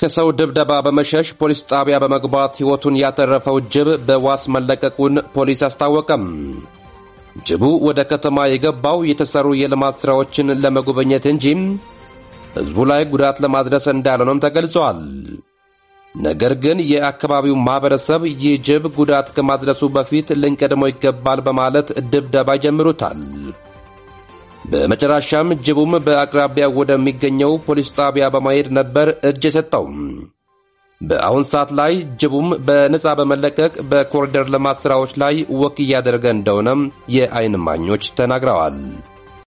ከሰው ድብደባ በመሸሽ ፖሊስ ጣቢያ በመግባት ሕይወቱን ያተረፈው ጅብ በዋስ መለቀቁን ፖሊስ አስታወቀም። ጅቡ ወደ ከተማ የገባው የተሰሩ የልማት ሥራዎችን ለመጎብኘት እንጂ ሕዝቡ ላይ ጉዳት ለማድረስ እንዳልሆነም ተገልጿል። ነገር ግን የአካባቢው ማኅበረሰብ ይህ ጅብ ጉዳት ከማድረሱ በፊት ልንቀድመው ይገባል በማለት ድብደባ ይጀምሩታል። በመጨረሻም ጅቡም በአቅራቢያ ወደሚገኘው ፖሊስ ጣቢያ በማሄድ ነበር እጅ የሰጠው። በአሁን ሰዓት ላይ ጅቡም በነፃ በመለቀቅ በኮሪደር ልማት ሥራዎች ላይ ወክ እያደረገ እንደሆነም የአይን ማኞች ተናግረዋል።